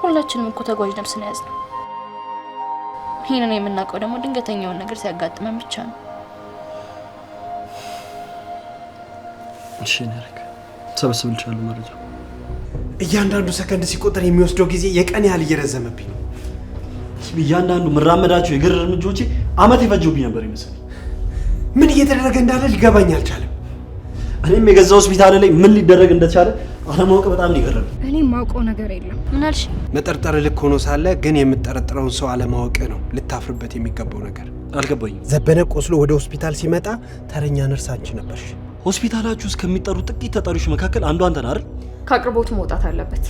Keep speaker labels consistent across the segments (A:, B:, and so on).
A: ሁላችንም እኮ ተጓዥ ነብስ ነው ያዝነው። ይህንን የምናውቀው ደግሞ ድንገተኛውን ነገር ሲያጋጥመን ብቻ ነው። እሺ መረጃ። እያንዳንዱ ሰከንድ ሲቆጠር የሚወስደው ጊዜ የቀን ያህል እየረዘመብኝ ነው። እያንዳንዱ መራመዳቸው የግር እርምጃዎቼ አመት የፈጀብኝ ነበር ይመስል። ምን እየተደረገ እንዳለ ሊገባኝ አልቻለም። እኔም የገዛ ሆስፒታል ላይ ምን ሊደረግ እንደቻለ አለማወቅ በጣም ሊገረም። እኔ ማውቀው ነገር የለም። ምን መጠርጠር ልክ ሆኖ ሳለ ግን የምጠረጥረውን ሰው አለማወቅ ነው ልታፍርበት የሚገባው ነገር። አልገባኝ። ዘበነ ቆስሎ ወደ ሆስፒታል ሲመጣ ተረኛ ነርስ አንቺ ነበርሽ። ሆስፒታላችሁ ውስጥ ከሚጠሩ ጥቂት ተጠሪዎች መካከል አንዱ አንተ ነህ አይደል? ከአቅርቦቱ መውጣት አለበት።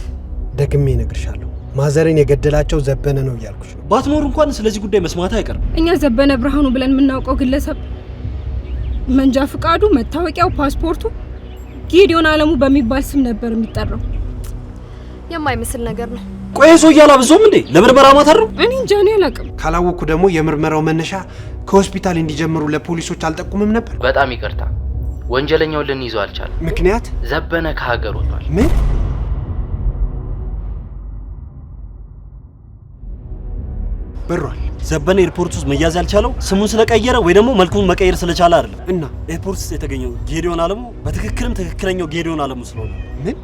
A: ደግሜ እነግርሻለሁ ማዘርን የገደላቸው ዘበነ ነው እያልኩሽ ነው። ባትኖር እንኳን ስለዚህ ጉዳይ መስማት አይቀርም። እኛ ዘበነ ብርሃኑ ብለን የምናውቀው ግለሰብ መንጃ ፍቃዱ፣ መታወቂያው፣ ፓስፖርቱ ጌዲዮን አለሙ በሚባል ስም ነበር የሚጠራው። የማይመስል ነገር ነው። ቆይ ሰው እያላብዞም እንዴ ለምርመራ ማታር ነው? እኔ እንጃ እኔ አላውቅም። ካላወቅኩ ደግሞ የምርመራው መነሻ ከሆስፒታል እንዲጀምሩ ለፖሊሶች አልጠቁምም ነበር። በጣም ይቅርታ፣ ወንጀለኛውን ልንይዘው አልቻለም። ምክንያት ዘበነ ከሀገር ወጥቷል። ምን በሯል ዘበነ ኤርፖርት ውስጥ መያዝ ያልቻለው ስሙን ስለቀየረ ወይ ደግሞ መልኩን መቀየር ስለቻለ አይደለም። እና ኤርፖርት ውስጥ የተገኘው ጌዲዮን አለሙ በትክክልም ትክክለኛው ጌዲዮን አለሙ ስለሆነ ምን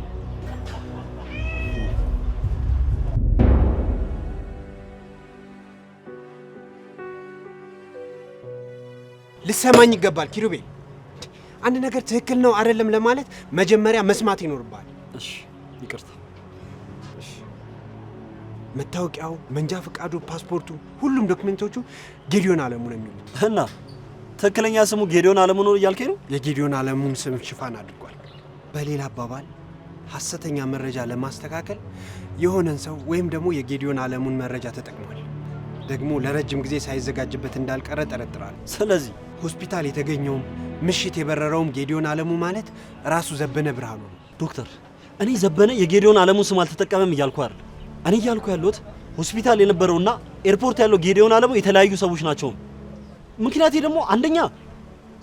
A: ልሰማኝ ይገባል። ኪሩቤ አንድ ነገር ትክክል ነው አይደለም ለማለት መጀመሪያ መስማት ይኖርባል። እሺ፣ ይቅርታ። መታወቂያው፣ መንጃ ፈቃዱ፣ ፓስፖርቱ፣ ሁሉም ዶክመንቶቹ ጌዲዮን አለሙ ነው የሚሉት እና ትክክለኛ ስሙ ጌዲዮን አለሙ ነው እያልከኝ ነው? የጌዲዮን አለሙን ስም ሽፋን አድርጓል። በሌላ አባባል ሐሰተኛ መረጃ ለማስተካከል የሆነን ሰው ወይም ደግሞ የጌዲዮን አለሙን መረጃ ተጠቅሟል። ደግሞ ለረጅም ጊዜ ሳይዘጋጅበት እንዳልቀረ ጠረጥራል። ስለዚህ ሆስፒታል የተገኘውም ምሽት የበረረውም ጌዲዮን አለሙ ማለት ራሱ ዘበነ ብርሃኑ ነው። ዶክተር እኔ ዘበነ የጌዲዮን አለሙን ስም አልተጠቀመም እያልኩ አይደል። እኔ እያልኩ ያለሁት ሆስፒታል የነበረውና ኤርፖርት ያለው ጌዲዮን አለሙ የተለያዩ ሰዎች ናቸው። ምክንያቴ ደግሞ አንደኛ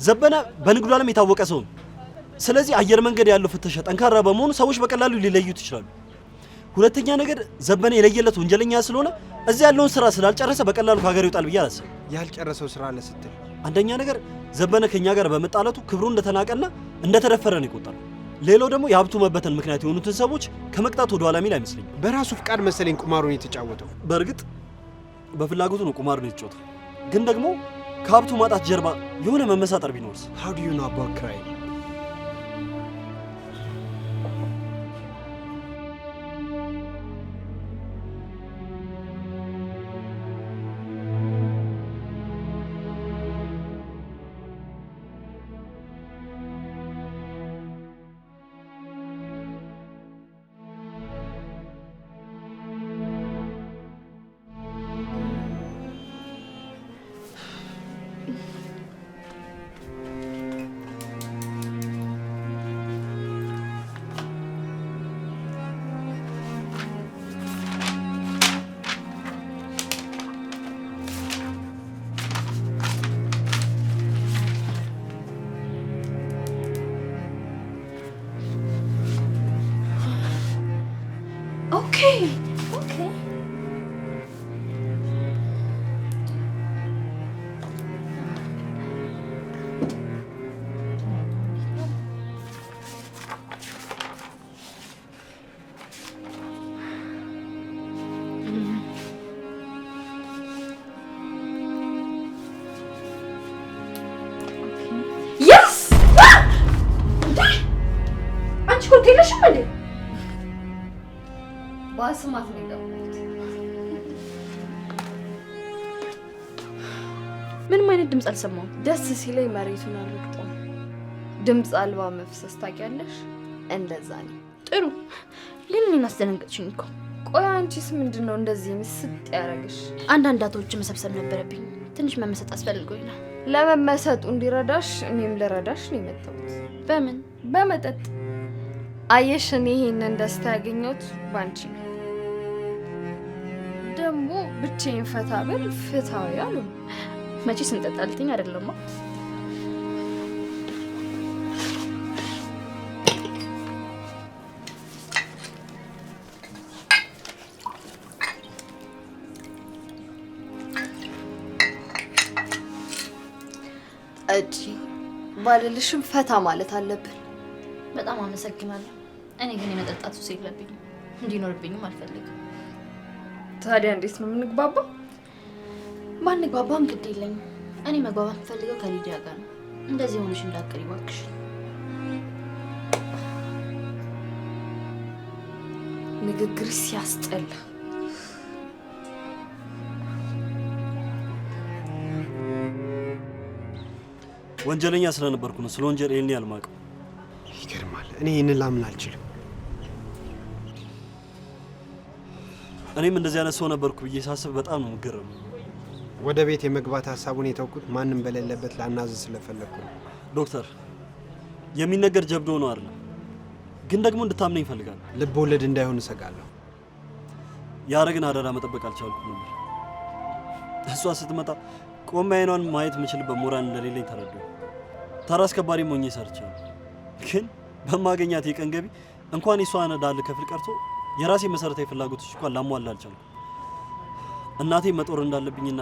A: ዘበነ በንግዱ ዓለም የታወቀ ሰው ነው። ስለዚህ አየር መንገድ ያለው ፍተሻ ጠንካራ በመሆኑ ሰዎች በቀላሉ ሊለዩት ይችላሉ። ሁለተኛ ነገር ዘበነ የለየለት ወንጀለኛ ስለሆነ እዚህ ያለውን ስራ ስላልጨረሰ በቀላሉ ከሀገር ይወጣል ብዬ አላስብ። ያልጨረሰው ስራ አለ ስትል አንደኛ ነገር ዘበነ ከኛ ጋር በመጣለቱ ክብሩ እንደተናቀና እንደተደፈረ ነው ይቆጠራል። ሌላው ደግሞ የሀብቱ መበተን ምክንያት የሆኑትን ሰዎች ከመቅጣት ወደ ኋላ ሚል አይመስለኝም። በራሱ ፍቃድ መሰለኝ ቁማሩን የተጫወተው። በእርግጥ በፍላጎቱ ነው ቁማሩን የተጫወተው፣ ግን ደግሞ ከሀብቱ ማጣት ጀርባ የሆነ መመሳጠር ቢኖርስ? ሀው ዱ ዩ ኖ አባውት ክራይም Okay. ድምፅ አልሰማሁም። ደስ ሲለኝ መሬቱን አልረግጠውም። ድምፅ አልባ መፍሰስ ታውቂያለሽ? እንደዛ ነው። ጥሩ ግን እኔን አስደነገጥሽኝ እኮ። ቆይ አንቺስ ምንድን ነው እንደዚህ ምስጥ ያደረግሽ? አንዳንድ ዳታዎች መሰብሰብ ነበረብኝ። ትንሽ መመሰጥ ነው። ለመመሰጡ እንዲረዳሽ እኔም ልረዳሽ ነው የመጣሁት። በምን? በመጠጥ። አየሽ፣ እኔ ይሄንን ደስታ ያገኘሁት ባንቺ ነው። ደግሞ ብቻዬን ፈታ ብል ፍታዊ አሉ መቼ ስንጠጣልትኝ አይደለማ። እጂ ባልልሽም ፈታ ማለት አለብን። በጣም አመሰግናለሁ። እኔ ግን የመጠጣት ሱስ የለብኝም፣ እንዲኖርብኝም አልፈልግም። ታዲያ እንዴት ነው የምንግባባው? ባንግባባም ግድ የለኝም። እኔ መግባባት ፈልገው ከሊዲያ ጋር ነው። እንደዚህ ሆነሽ እንዳትቀሪ እባክሽ። ንግግር ሲያስጠላ ወንጀለኛ ስለነበርኩ ነው። ስለ ወንጀል ይህን አልማቅም። ይገርማል። እኔ ይህን ላምን አልችልም። እኔም እንደዚህ አይነት ሰው ነበርኩ ብዬ ሳስብ በጣም ነው የምገረመው። ወደ ቤት የመግባት ሀሳቡን የተውኩት ማንም በሌለበት ላናዝዝ ስለፈለግኩ ነው። ዶክተር የሚነገር ጀብዶ ነው አይደለም፣ ግን ደግሞ እንድታምነኝ ይፈልጋል። ልብ ወለድ እንዳይሆን እሰጋለሁ። ያረግን አደራ መጠበቅ አልቻልኩ ነበር። እሷ ስትመጣ ቆሜ አይኗን ማየት የምችልበት ሞራል እንደሌለኝ ተረዳሁ። ተራ አስከባሪ ሞኜ ሰርቻለሁ፣ ግን በማገኛት የቀን ገቢ እንኳን የሷ ነዳ ልከፍል ቀርቶ የራሴ መሰረታዊ ፍላጎቶች እንኳን ላሟላ አልቻልኩም። እናቴ መጦር እንዳለብኝና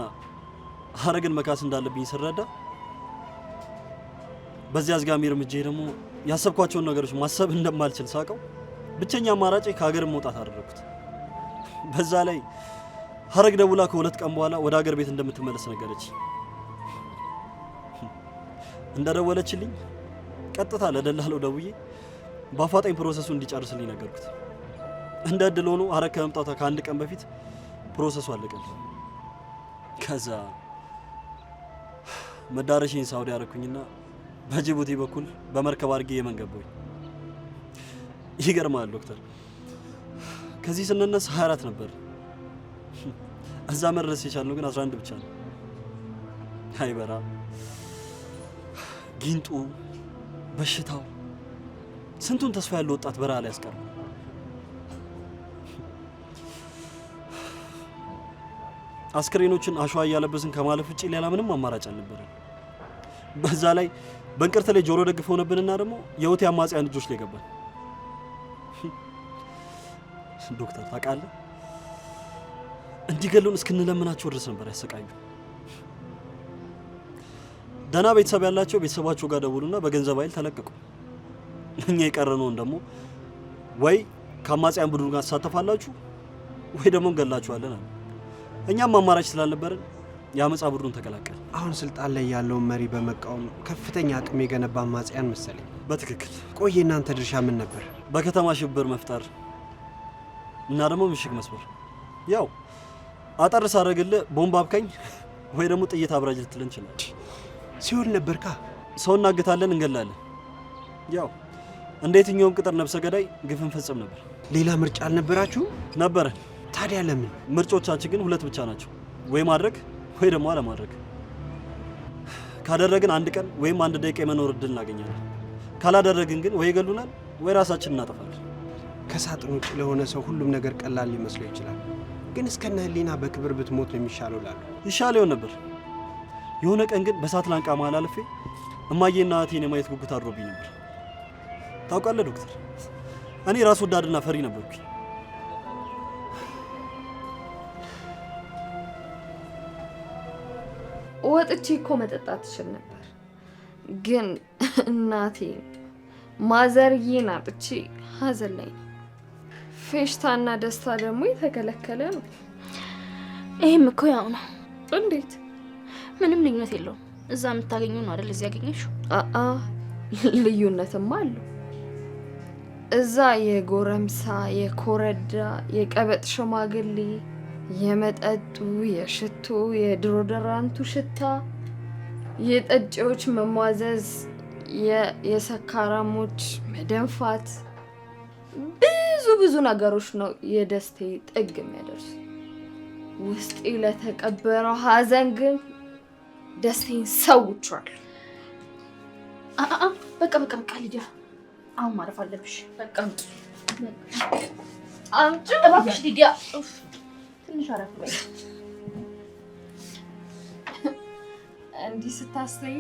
A: ሀረግን መካስ እንዳለብኝ ስረዳ በዚህ አዝጋሚ እርምጃ ደግሞ ያሰብኳቸውን ነገሮች ማሰብ እንደማልችል ሳቀው ብቸኛ አማራጭ ከሀገር መውጣት አደረግኩት። በዛ ላይ ሀረግ ደውላ ከሁለት ቀን በኋላ ወደ ሀገር ቤት እንደምትመለስ ነገረች። እንደደወለችልኝ ቀጥታ ለደላለው ደውዬ በአፋጣኝ ፕሮሰሱ እንዲጨርስልኝ ነገርኩት። እንደ እድል ሆኖ ሀረግ ከመምጣቷ ከአንድ ቀን በፊት ፕሮሰሱ አለቀል። ከዛ መዳረሻዬን ሳውዲ አረኩኝና በጅቡቲ በኩል በመርከብ አድርጌ የመን ገባሁኝ። ይገርማል ዶክተር፣ ከዚህ ስንነስ 24 ነበር። እዛ መድረስ የቻልነው ግን 11 ብቻ ነው። አይበራ ጊንጡ፣ በሽታው ስንቱን ተስፋ ያለው ወጣት በረሃ ላይ ያስቀር። አስክሬኖችን አሸዋ እያለበስን ከማለፍ ውጭ ሌላ ምንም አማራጭ አልነበረም። በዛ ላይ በእንቅርት ላይ ጆሮ ደግፍ ሆነብንና ደግሞ የውት አማጽያን እጆች ላይ ገባን። ዶክተር ታውቃለህ፣ እንዲገሉን እስክንለምናቸው ድረስ ነበር ያሰቃዩ። ደህና ቤተሰብ ያላቸው ቤተሰባቸው ጋር ደውሉና በገንዘብ ኃይል ተለቀቁ። እኛ የቀረነውን ደግሞ ወይ ከአማጽያን ቡድኑ ጋር ትሳተፋላችሁ ወይ ደግሞ እንገላችኋለን አለ። እኛም አማራጭ ስላልነበረን የአመፃ ቡድኑን ተቀላቀል። አሁን ስልጣን ላይ ያለውን መሪ በመቃወም ከፍተኛ አቅም የገነባ አማጽያን መሰለኝ። በትክክል ቆይ፣ እናንተ ድርሻ ምን ነበር? በከተማ ሽብር መፍጠር እና ደግሞ ምሽግ መስበር። ያው አጠር ሳረግልህ ቦምብ አብካኝ ወይ ደግሞ ጥይት አብራጅ ልትል ይችላል። ሲውል ነበርካ ሰው እናግታለን፣ እንገላለን። ያው እንደ የትኛውም ቅጥር ነብሰ ገዳይ ግፍ ፈጽም ነበር። ሌላ ምርጫ አልነበራችሁ? ነበረን። ታዲያ ለምን? ምርጫዎቻችን ግን ሁለት ብቻ ናቸው፣ ወይ ማድረግ ወይ ደግሞ አለማድረግ። ካደረግን አንድ ቀን ወይም አንድ ደቂቃ የመኖር እድል እናገኛለን። ካላደረግን ግን ወይ ይገሉናል ወይ ራሳችን እናጠፋለን። ከሳጥን ውጭ ለሆነ ሰው ሁሉም ነገር ቀላል ሊመስለው ይችላል። ግን እስከነ ህሊና በክብር ብትሞት ነው የሚሻለው ላሉ ይሻለው ነበር። የሆነ ቀን ግን በሳት ላንቃ መሀል አልፌ እማዬና እህቴን የማየት ጉጉት አድሮብኝ ነበር። ታውቃለህ ዶክተር፣ እኔ ራስ ወዳድና ፈሪ ነበርኩኝ። ወጥቼ እኮ መጠጣት ትችል ነበር፣ ግን እናቴ ማዘርዬን አጥቼ ሀዘን ላይ ነው። ፌሽታና ደስታ ደግሞ የተከለከለ ነው። ይህም እኮ ያው ነው። እንዴት? ምንም ልዩነት የለውም። እዛ የምታገኙ ነው አደል? እዚህ ያገኘሽው? አአ ልዩነትም አለው። እዛ የጎረምሳ የኮረዳ የቀበጥ ሽማግሌ የመጠጡ የሽቶ የድሮደራንቱ ሽታ፣ የጠጪዎች መሟዘዝ፣ የሰካራሞች መደንፋት፣ ብዙ ብዙ ነገሮች ነው የደስቴ ጥግ የሚያደርሱ። ውስጤ ለተቀበረው ሀዘን ግን ደስቴን ሰውቼዋለሁ። በቃ በቃ በቃ ልጅ አሁን ማረፍ አለብሽ። በቃ አምጪ እባክሽ ሊዲያ ትንሽ አረፍ በይ። እንዲህ ስታሰኝ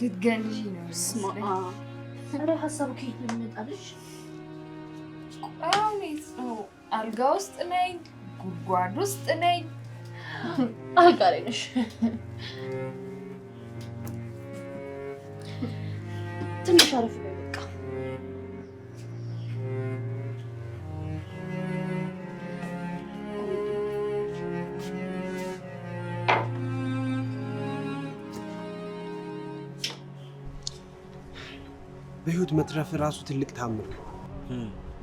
A: ልትገንዢ ነው። ኧረ ሀሳቡ ከየት ነው የሚመጣልሽ? ቆራኔት ነው። አልጋ ውስጥ ነኝ፣ ጉድጓድ ውስጥ ነኝ። አልጋ ላይ ነሽ። ትንሽ አረፍ በይ በህይወት መትረፍ ራሱ ትልቅ ታምር ነው።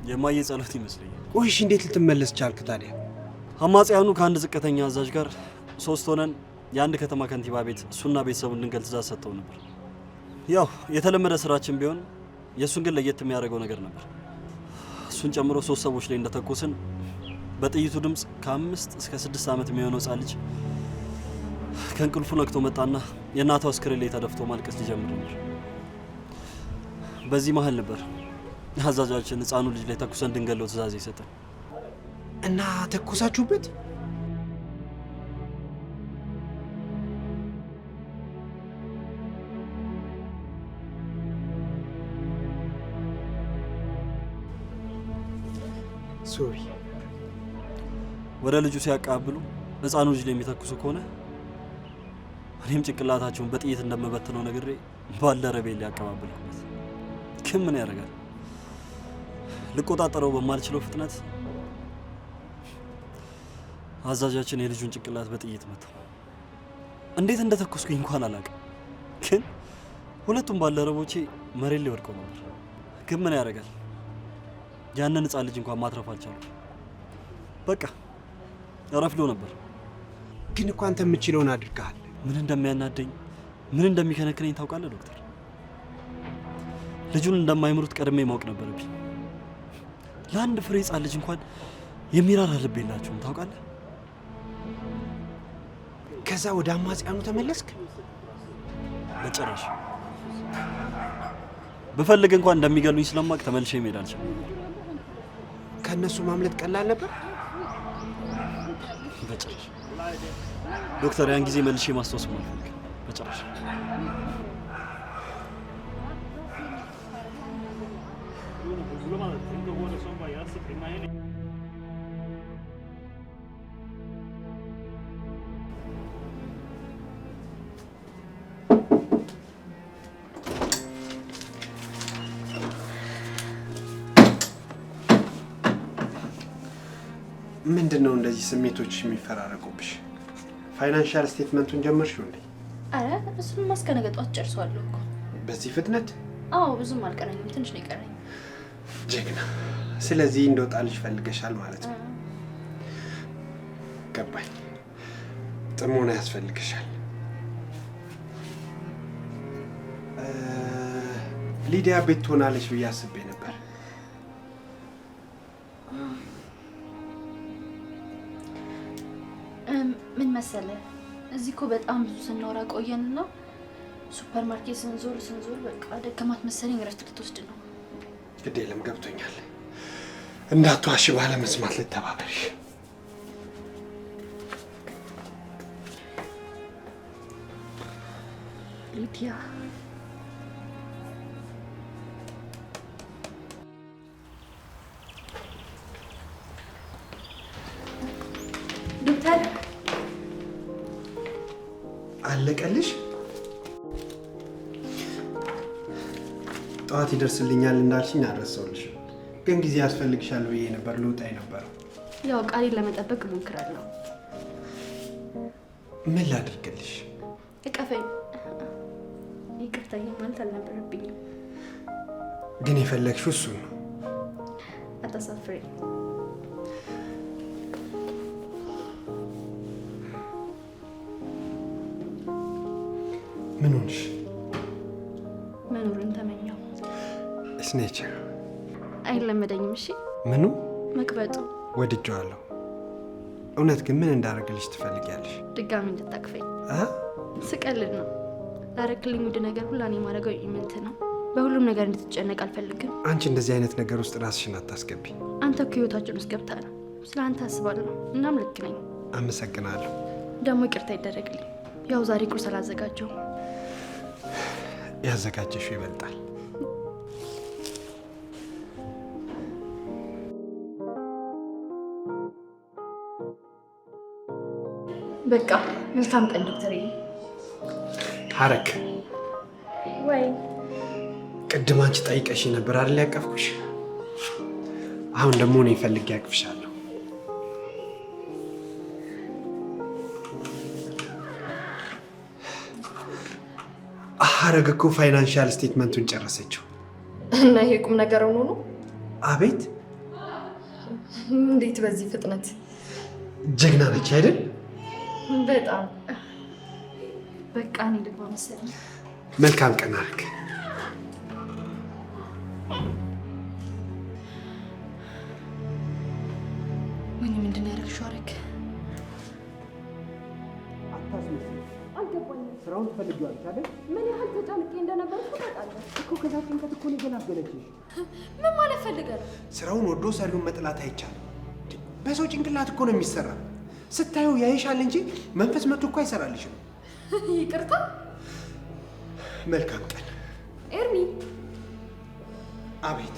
A: የማየ ጸሎት ይመስለኛል። ቆይሽ እንዴት ልትመለስ ቻልክ ታዲያ? አማጽያኑ ከአንድ ዝቅተኛ አዛዥ ጋር ሶስት ሆነን የአንድ ከተማ ከንቲባ ቤት እሱና ቤተሰቡ እንድንገል ትእዛዝ ሰጥተው ነበር። ያው የተለመደ ስራችን ቢሆን የእሱን ግን ለየት የሚያደርገው ነገር ነበር። እሱን ጨምሮ ሶስት ሰዎች ላይ እንደተኮስን በጥይቱ ድምፅ ከአምስት እስከ ስድስት ዓመት የሚሆነው ሕፃን ልጅ ከእንቅልፉ ነቅቶ መጣና የእናቷ አስክሬን ላይ ተደፍቶ ማልቀስ ሊጀምር ነበር። በዚህ መሀል ነበር አዛዣችን ህፃኑ ልጅ ላይ ተኩሰን እንድንገለው ትእዛዝ የሰጠን እና ተኩሳችሁበት? ሶሪ ወደ ልጁ ሲያቀባብሉ ህፃኑ ልጅ ላይ የሚተኩሱ ከሆነ እኔም ጭንቅላታቸውን በጥይት እንደምበትነው ነግሬ ባልደረቤ ሊያቀባብልበት ልክህም ምን ያደርጋል ልቆጣጠረው በማልችለው ፍጥነት አዛዣችን የልጁን ጭንቅላት በጥይት መታው። እንዴት እንደተኮስኩኝ እንኳን አላውቅም፣ ግን ሁለቱም ባልደረቦቼ መሬት ላይ ወድቀው ነበር። ግን ምን ያደርጋል ያንን ሕፃን ልጅ እንኳን ማትረፍ አልቻሉ። በቃ ረፍዶ ነበር። ግን እኮ አንተ የምችለውን አድርገሃል። ምን እንደሚያናደኝ ምን እንደሚከነክነኝ ታውቃለህ ዶክተር? ልጁን እንደማይምሩት ቀድሜ ማወቅ ነበረብኝ። ለአንድ ፍሬ ሕፃን ልጅ እንኳን የሚራራ ልብ የላቸውም ታውቃለህ። ከዛ ወደ አማጽያኑ ተመለስክ? በጭራሽ ብፈልግ እንኳን እንደሚገሉኝ ስለማቅ ተመልሼ መሄድ አልችልም። ከእነሱ ማምለጥ ቀላል ነበር? በጭራሽ ዶክተር፣ ያን ጊዜ መልሼ ማስታወስ ማልፈልግ በጭራሽ ምንድን ነው እንደዚህ ስሜቶች የሚፈራረቁብሽ? ፋይናንሻል ስቴትመንቱን ጀመርሽው እንዴ? አረ እሱን ማስከነገጧት ጨርሷለሁ እኮ በዚህ ፍጥነት። አዎ ብዙም አልቀረኝም፣ ትንሽ ነው የቀረኝ። ጀግና። ስለዚህ እንደወጣልሽ ፈልገሻል ማለት ነው። ገባኝ። ጥሞና ያስፈልግሻል። ሊዲያ ቤት ትሆናለች ብዬ አስቤ ነበር። ምን መሰለ፣ እዚህ እኮ በጣም ብዙ ስናወራ ሱፐር ሱፐርማርኬት ስንዞር ስንዞር በቃ ደከማት መሰለኝ፣ እረፍት ልትወስድ ነው። ግድ የለም ገብቶኛል። እንዳትዋሽ ባለመስማት ልተባበሪ። ሊዲያ ዶክተር አለቀልሽ? ጠዋት ይደርስልኛል እንዳልሽኝ አረሰውልሽ፣ ግን ጊዜ ያስፈልግሻል ብዬ ነበር ልውጣ የነበረው። ያው ቃሌን ለመጠበቅ እሞክራለሁ። ምን ላድርግልሽ? እቀፈኝ። ይቅርታ ማለት አልነበረብኝም። ግን የፈለግሽው እሱን ነው። አታሳፍሪኝ። ምን ሆንሽ? ኢትስ ኔቸር። አይለመደኝም። እሺ ምኑ መቅበጡ ወድጀዋለሁ። እውነት ግን ምን እንዳደረግልሽ ትፈልጊያለሽ? ድጋሚ እንድታቅፈኝ። ስቀልድ ነው። ላረክልኝ ውድ ነገር ሁላ እኔ የማደርገው ኢምንት ነው። በሁሉም ነገር እንድትጨነቅ አልፈልግም። አንቺ እንደዚህ አይነት ነገር ውስጥ ራስሽን አታስገቢ። አንተ እኮ ህይወታችን ውስጥ ገብታል። ስለ አንተ አስባለሁ። እናም ልክ ነኝ። አመሰግናለሁ። ደግሞ ይቅርታ ይደረግልኝ። ያው ዛሬ ቁርስ አላዘጋጀውም። ያዘጋጀሽው ይበልጣል። በቃ መልካም ቀን ዶክተር። ሀረክ ወይ ቅድም አንቺ ጠይቀሽ ነበር አይደል? ያቀፍኩሽ። አሁን ደግሞ እኔ ፈልጌ ያቅፍሻለሁ። ሐረግ እኮ ፋይናንሻል ስቴትመንቱን ጨረሰችው እና ይሄ ቁም ነገር ሆኖ ነው። አቤት! እንዴት በዚህ ፍጥነት! ጀግና ነች አይደል? በጣም በቃ እኔ ልግባ መሰለኝ። መልካም ቀን አልክ። ወይኔ ምንድን ነው ያደረግሽው? አደረግ ስራውን ትፈልጊዋለሽ አይደል? ምን ያህል ተጫምቄ እንደነበር ታውቃለህ እኮ። ከዛ ጭንቀት እኮ ነገን አገለችሽ። ምን ማለት ፈልገህ ነው? ስራውን ወዶ ሰሪውን መጥላት አይቻልም። በሰው ጭንቅላት እኮ ነው የሚሰራ ስታየው ያይሻል እንጂ መንፈስ መጥቶ እኮ አይሰራልሽም። ይቅርታ። መልካም ቀን ኤርሚ። አቤት።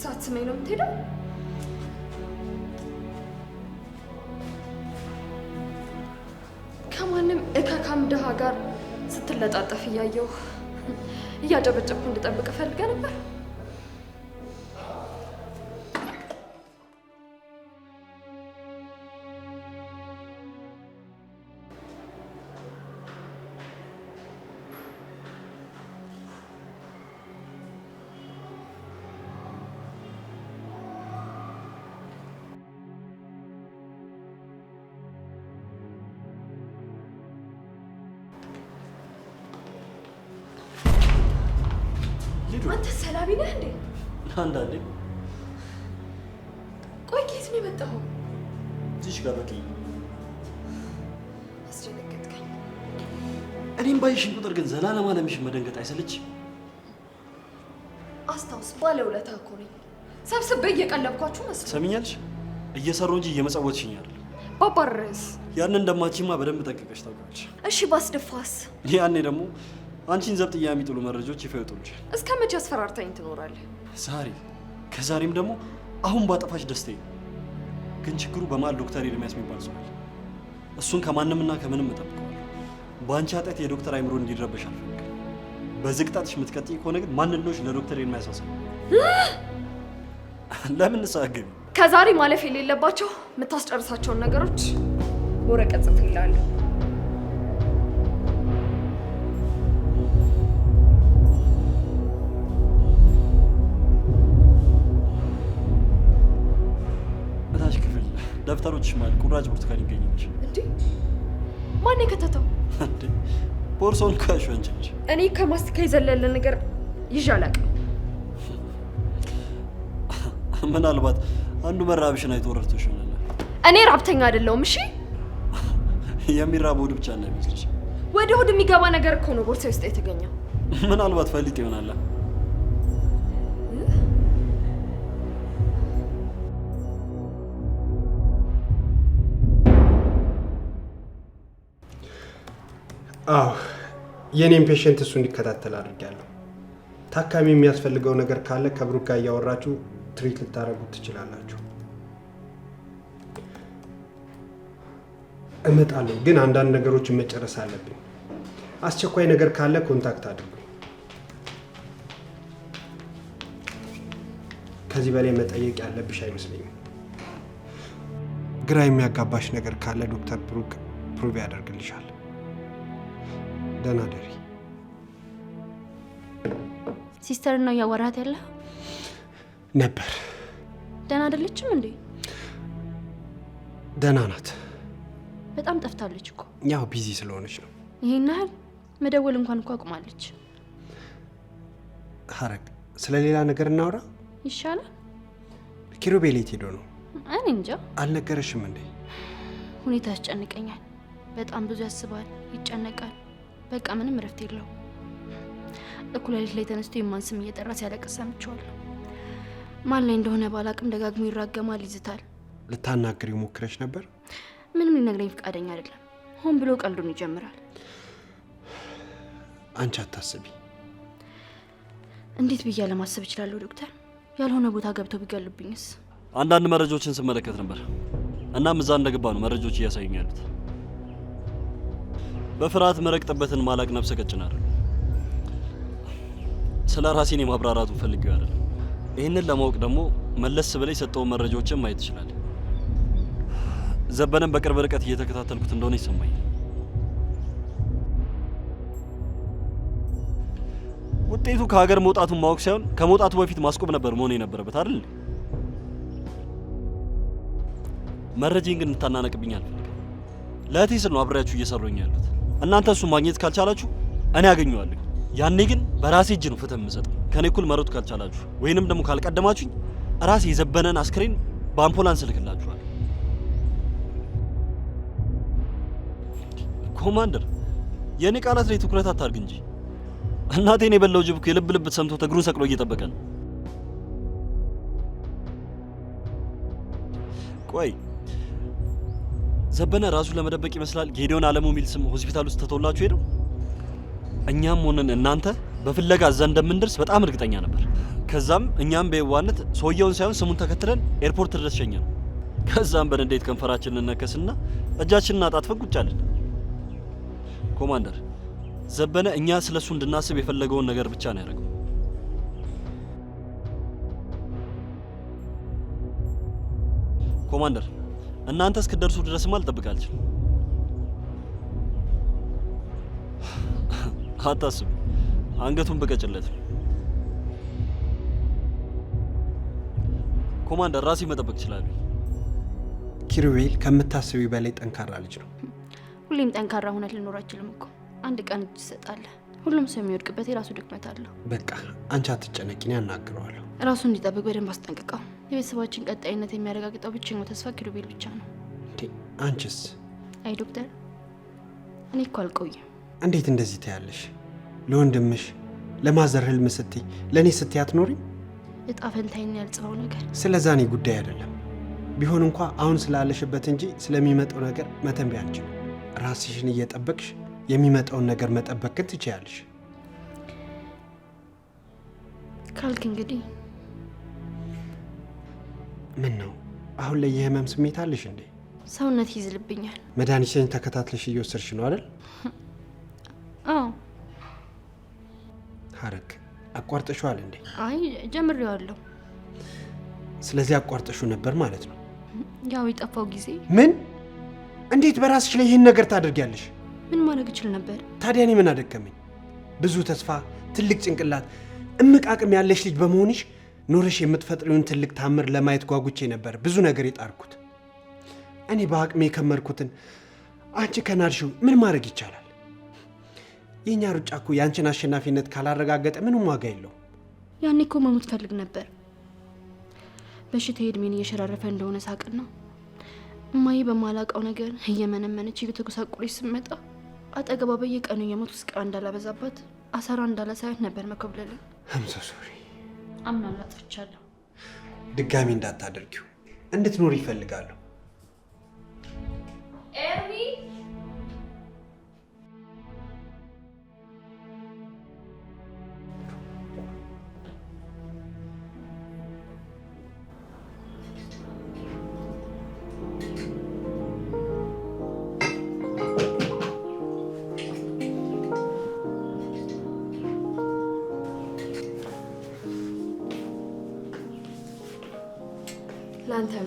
A: ሳትስመኝ ነው የምትሄደው? ከማንም እካካም ድሃ ጋር ስትለጣጠፍ እያየሁ እያጨበጨብኩ እንድጠብቅ ፈልገ ነበር። ሰላቢ ነህ እንዴ? አንዳንዴ። ቆይ ከየት ነው የመጣኸው? ትሽ ጋር በቂ አስደነገጥከኝ። እኔም ባይሽን ቁጥር ግን ዘላ ለማለምሽን መደንገጥ አይሰለች? አስታውስ፣ ባለውለታ እኮ ነኝ። ሰብስቤ እየቀለብኳችሁ መስሎኝ። ትሰሚኛለሽ? እየሰሩ እንጂ እየመጸወትሽኝ አይደል። ባባረስ ያንን እንደማችማ በደንብ ጠንቅቀሽ ታውቂያለሽ። እሺ፣ ባስደፋስ? ያኔ ደግሞ አንቺን ዘብጥያ የሚጥሉ መረጃዎች ይፋ ይወጡልሻል። እስከ መቼ አስፈራርታኝ ትኖራለህ? ዛሬ ከዛሬም ደግሞ አሁን ባጠፋሽ ደስተኝ። ግን ችግሩ በመሀል ዶክተር ኤርሚያስ የሚባል ሰው አለ። እሱን ከማንምና ከምንም እጠብቀዋለሁ። በአንቺ ኃጢአት የዶክተር አይምሮ እንዲረበሽ አልፈልግም። በዝቅጣትሽ የምትቀጥይ ከሆነ ግን ማንነሽ ለዶክተር ኤርሚያስ አሳስብ። ለምን ሳግን ከዛሬ ማለፍ የሌለባቸው የምታስጨርሳቸውን ነገሮች ወረቀት ጽፍ ይላለሁ ደብተሮች ማል ቁራጭ ብርቱካን ይገኛል እንዴ ማን የከተተው? ቦርሳውን ካሽ ወንጀልሽ። እኔ ከማስቲካ የዘለለ ነገር ይዤ አላውቅም። ምናልባት አንዱ መራብሽን አይቶ ረድቶሽ ይሆናል። እኔ ራብተኛ አይደለሁም። እሺ የሚራብ ሆድ ብቻ ነው የሚመስልሽ? ወደ ሆድ የሚገባ ነገር እኮ ነው ቦርሳ ውስጥ የተገኘው። ምናልባት ፈልግ ይሆናል። አዎ የእኔም ፔሽንት እሱ እንዲከታተል አድርጊያለሁ። ታካሚ የሚያስፈልገው ነገር ካለ ከብሩክ ጋር እያወራችሁ ትሪት ልታደርጉት ትችላላችሁ። እመጣለሁ፣ ግን አንዳንድ ነገሮችን መጨረስ አለብኝ። አስቸኳይ ነገር ካለ ኮንታክት አድርጉ። ከዚህ በላይ መጠየቅ ያለብሽ አይመስለኝም። ግራ የሚያጋባሽ ነገር ካለ ዶክተር ብሩክ ፕሩቭ ያደርግልሻል። ደህና ደሪ። ሲስተር ነው እያወራት ያለ ነበር። ደህና አይደለችም እንዴ? ደህና ናት። በጣም ጠፍታለች እኮ። ያው ቢዚ ስለሆነች ነው። ይሄን ያህል መደወል እንኳን እኮ አቁማለች። ሀረግ፣ ስለ ሌላ ነገር እናውራ ይሻላል። ኪሩቤል የት ሄዶ ነው? እኔ እንጃ። አልነገረሽም እንዴ? ሁኔታ ያስጨንቀኛል። በጣም ብዙ ያስባል፣ ይጨነቃል። በቃ ምንም እረፍት የለው። እኩለ ሌሊት ላይ ተነስቶ የማን ስም እየጠራ ሲያለቅስ ሰምቼዋለሁ። ማን ላይ እንደሆነ ባላቅም ደጋግሞ ይራገማል፣ ይዝታል። ልታናግር ሞክረሽ ነበር? ምንም ሊነግረኝ ፈቃደኛ አይደለም። ሆን ብሎ ቀልዱን ይጀምራል። አንቺ አታስቢ። እንዴት ብዬ ለማሰብ እችላለሁ ዶክተር? ያልሆነ ቦታ ገብቶ ቢገሉብኝስ? አንዳንድ መረጃዎችን ስመለከት ነበር። እናም እዛ እንደገባ ነው መረጃዎች እያሳዩኝ ያሉት። በፍርሃት መረቅጥበትን ማላቅ ነፍሰ ቀጭን አይደል። ስለ ራሴን እኔ ማብራራቱን ፈልጌው አይደል። ይህንን ለማወቅ ደግሞ መለስ ብለህ የሰጠው መረጃዎችን ማየት ይችላል። ዘበነን በቅርብ ርቀት እየተከታተልኩት እንደሆነ ይሰማኝ። ውጤቱ ከሀገር መውጣቱን ማወቅ ሳይሆን ከመውጣቱ በፊት ማስቆም ነበር መሆን የነበረበት አይደል። መረጃን ግን እንድታናነቅብኝ አልፈልግም። ለእህቴ ስል ነው አብሬያችሁ እየሰሩኝ እናንተ እሱን ማግኘት ካልቻላችሁ እኔ አገኘዋለሁ። ያኔ ግን በራሴ እጅ ነው ፍትህ የምሰጠው። ከኔ እኩል መሮጥ ካልቻላችሁ ወይንም ደግሞ ካልቀደማችሁኝ ራሴ የዘበነን አስክሬን በአምፖላንስ እልክላችኋለሁ። ኮማንደር፣ የእኔ ቃላት ላይ ትኩረት አታርግ እንጂ እናቴን የበላው ጅብ የልብ ልብ ሰምቶ እግሩን ሰቅሎ እየጠበቀ ነው። ቆይ ዘበነ ራሱን ለመደበቅ ይመስላል ጌዲዮን አለሙ የሚል ስም ሆስፒታል ውስጥ ተተውላችሁ ሄደው እኛም ሆነን እናንተ በፍለጋ እዛ እንደምንደርስ በጣም እርግጠኛ ነበር። ከዛም እኛም በየዋነት ሰውየውን ሳይሆን ስሙን ተከትለን ኤርፖርት ድረስ ሸኘ ነው። ከዛም በንዴት ከንፈራችንን ነከስና እጃችንን አጣጥፈን ቁጭ አለን። ኮማንደር ዘበነ እኛ ስለ እሱ እንድናስብ የፈለገውን ነገር ብቻ ነው ያደረገው። ኮማንደር እናንተ እስክደርሱ ድረስማ ልጠብቅ አልችልም። አታስብ፣ አንገቱን ብቀጭለት። ኮማንደር ራሴ መጠበቅ እችላለሁ። ኪሩቤል ከምታስቢ በላይ ጠንካራ ልጅ ነው። ሁሌም ጠንካራ ሆነት ልኖር አልችልም እኮ አንድ ቀን እጅ ትሰጣለህ። ሁሉም ሰው የሚወድቅበት የራሱ ድክመት አለው። በቃ አንቺ አትጨነቂ፣ እኔ አናግረዋለሁ። ራሱ እንዲጠብቅ በደንብ አስጠንቅቀው። የቤተሰባችን ቀጣይነት የሚያረጋግጠው ብቸኛው ተስፋ ኪሩቤል ብቻ ነው። አንቺስ? አይ ዶክተር፣ እኔ እኮ አልቆይም። እንዴት እንደዚህ ታያለሽ ለወንድምሽ ለማዘር ህልም ስትይ ለእኔ ስትይ አትኖሪም? እጣ ፈንታይን ያልጽፈው ነገር። ስለዛ እኔ ጉዳይ አይደለም ቢሆን እንኳ አሁን ስላለሽበት እንጂ ስለሚመጣው ነገር መተንቢያ አንችል። ራስሽን እየጠበቅሽ የሚመጣውን ነገር መጠበቅ ግን ትችያለሽ። ካልክ እንግዲህ ምን ነው አሁን ላይ የህመም ስሜት አለሽ እንዴ? ሰውነት ይዝልብኛል። መድኃኒትሽን ተከታትለሽ እየወሰድሽ ነው አይደል? አዎ። ሐረግ አቋርጠሽዋል እንዴ? አይ ጀምሬዋለሁ። ስለዚህ አቋርጠሹ ነበር ማለት ነው። ያው የጠፋው ጊዜ ምን? እንዴት በራስሽ ላይ ይህን ነገር ታደርጊያለሽ? ምን ማድረግ እችል ነበር? ታዲያ እኔ ምን አደከመኝ? ብዙ ተስፋ፣ ትልቅ ጭንቅላት፣ እምቅ አቅም ያለሽ ልጅ በመሆንሽ ኖረሽ የምትፈጥሪውን ትልቅ ታምር ለማየት ጓጉቼ ነበር። ብዙ ነገር የጣርኩት እኔ በአቅሜ የከመርኩትን አንቺ ከናድሽው ምን ማድረግ ይቻላል? የእኛ ሩጫ እኮ የአንቺን አሸናፊነት ካላረጋገጠ ምንም ዋጋ የለው። ያኔ እኮ መሞት ፈልግ ነበር። በሽታ እድሜን እየሸራረፈ እንደሆነ ሳቅን ነው እማዬ በማላውቀው ነገር እየመነመነች እየተጎሳቆለች ስመጣ አጠገቧ በየቀኑ የሞት ውስጥ ቀን እንዳላበዛባት አሰራ እንዳላሳያት ነበር መኮብለል አምሶ ሶሪ አምናላ ጥፍቻለሁ። ድጋሚ እንዳታደርጊው እንድትኖር ይፈልጋለሁ ኤርሚ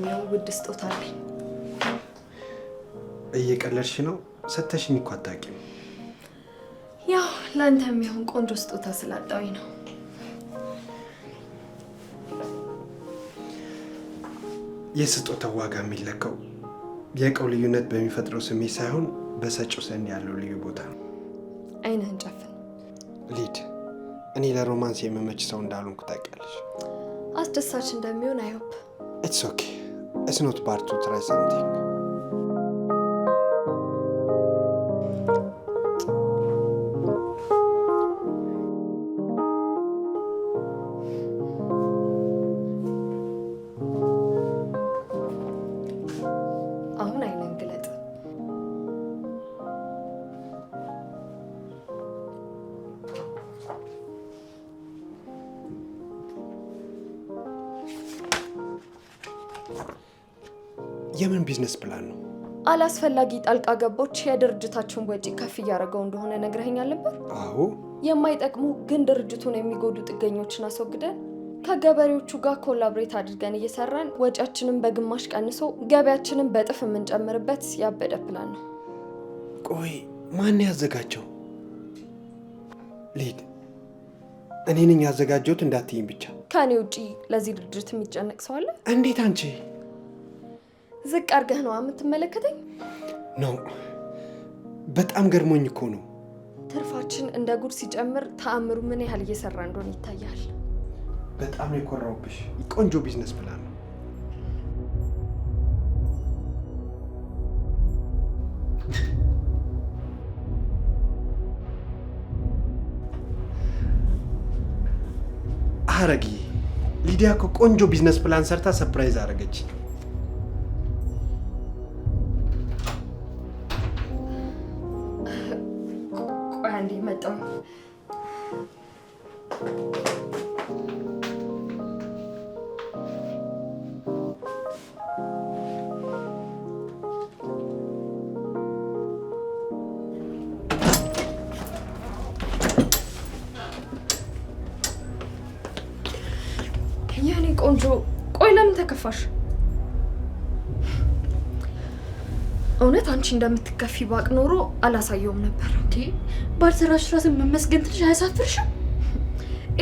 A: የሚሆን ውድ ስጦታ አለኝ። እየቀለድሽ ነው? ሰተሽኝ እኮ አታውቂም። ያው ለአንተ የሚሆን ቆንጆ ስጦታ ስላጣሁኝ ነው። የስጦታው ዋጋ የሚለካው የእቃው ልዩነት በሚፈጥረው ስሜት ሳይሆን በሰጪው ዘንድ ያለው ልዩ ቦታ ነው። አይንህን ጨፍን ሊድ። እኔ ለሮማንስ የምመች ሰው እንዳልሆንኩ ታውቂያለሽ። አስደሳች እንደሚሆን አይሆፕ ኢትስ ኦኬ It's not bad to try something. አሁን አይነን ግለጥ። የምን ቢዝነስ ፕላን ነው? አላስፈላጊ ጣልቃ ገቦች የድርጅታችን ወጪ ከፍ እያደረገው እንደሆነ ነግረኸኛል ነበር። አዎ። የማይጠቅሙ ግን ድርጅቱን የሚጎዱ ጥገኞችን አስወግደን ከገበሬዎቹ ጋር ኮላብሬት አድርገን እየሰራን ወጪያችንን በግማሽ ቀንሶ ገበያችንን በጥፍ የምንጨምርበት ያበደ ፕላን ነው። ቆይ ማን ያዘጋጀው? ሊድ፣ እኔ ነኝ ያዘጋጀሁት እንዳትይኝ ብቻ። ከእኔ ውጪ ለዚህ ድርጅት የሚጨነቅ ሰው አለ? እንዴት አንቺ ዝቅ አድርገህ ነው የምትመለከተኝ ነው። በጣም ገርሞኝ እኮ ነው። ትርፋችን እንደ ጉድ ሲጨምር ተአምሩ ምን ያህል እየሰራ እንደሆነ ይታያል። በጣም የኮራውብሽ። ቆንጆ ቢዝነስ ፕላን ነው። አረጊ ሊዲያ እኮ ቆንጆ ቢዝነስ ፕላን ሰርታ ሰፕራይዝ አደረገች። አንቺ እንደምትከፊ ባቅ ኖሮ አላሳየውም ነበር። እንዴ ባልሰራሽ ራስን መመስገን ትንሽ አያሳፍርሽም?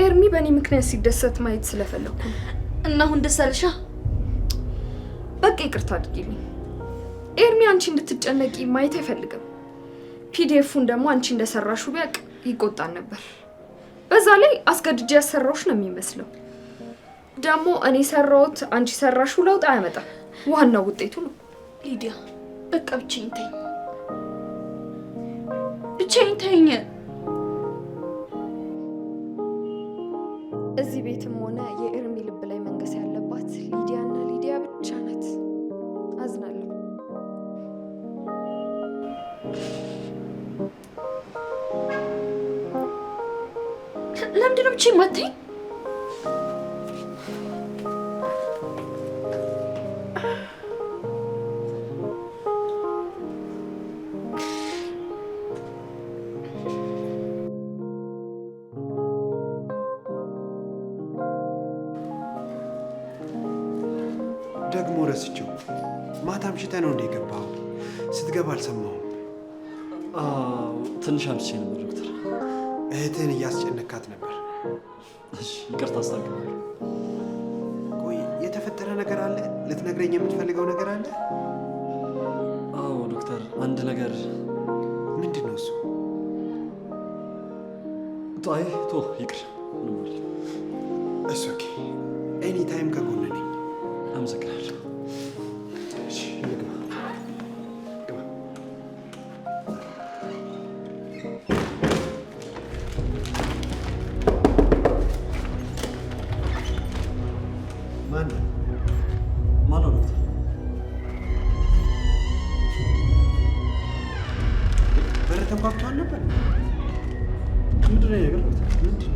A: ኤርሚ በእኔ ምክንያት ሲደሰት ማየት ስለፈለኩ እና አሁን ደስ አለሻ? በቃ ይቅርታ አድርጊልኝ። ኤርሚ አንቺ እንድትጨነቂ ማየት አይፈልግም። ፒዲኤፉን ደግሞ አንቺ እንደሰራሹ ቢያቅ ይቆጣን ነበር። በዛ ላይ አስገድጄ ያሰራውሽ ነው የሚመስለው። ደግሞ እኔ ሰራውት አንቺ ሰራሹ ለውጥ አያመጣም። ዋናው ውጤቱ ነው ሊዲያ በቃ ብቻዬን ተይኝ፣ ብቻዬን ተይኝ። እዚህ ቤትም ሆነ የእርሚ ልብ ላይ መንገስ ያለባት ሊዲያና ሊዲያ ብቻ ናት። አዝናለሁ። ለምንድን ብቻዬን ደግሞ ረስቼው። ማታም አምሽተህ ነው እንደ የገባኸው? ስትገባ አልሰማሁም። ትንሽ አምሽቼ ነበር ዶክተር። እህትህን እያስጨነካት ነበር። ይቅርታ አስታግባለሁ። ቆይ የተፈጠረ ነገር አለ? ልትነግረኝ የምትፈልገው ነገር አለ? አዎ ዶክተር፣ አንድ ነገር። ምንድን ነው እሱ? ቶ ይቅር። እሱ ኦኬ። ኤኒ ታይም ከጎን ነኝ። አመሰግናለሁ። በር ተንኳኩቶ ምንድን ነው የነገርኩት?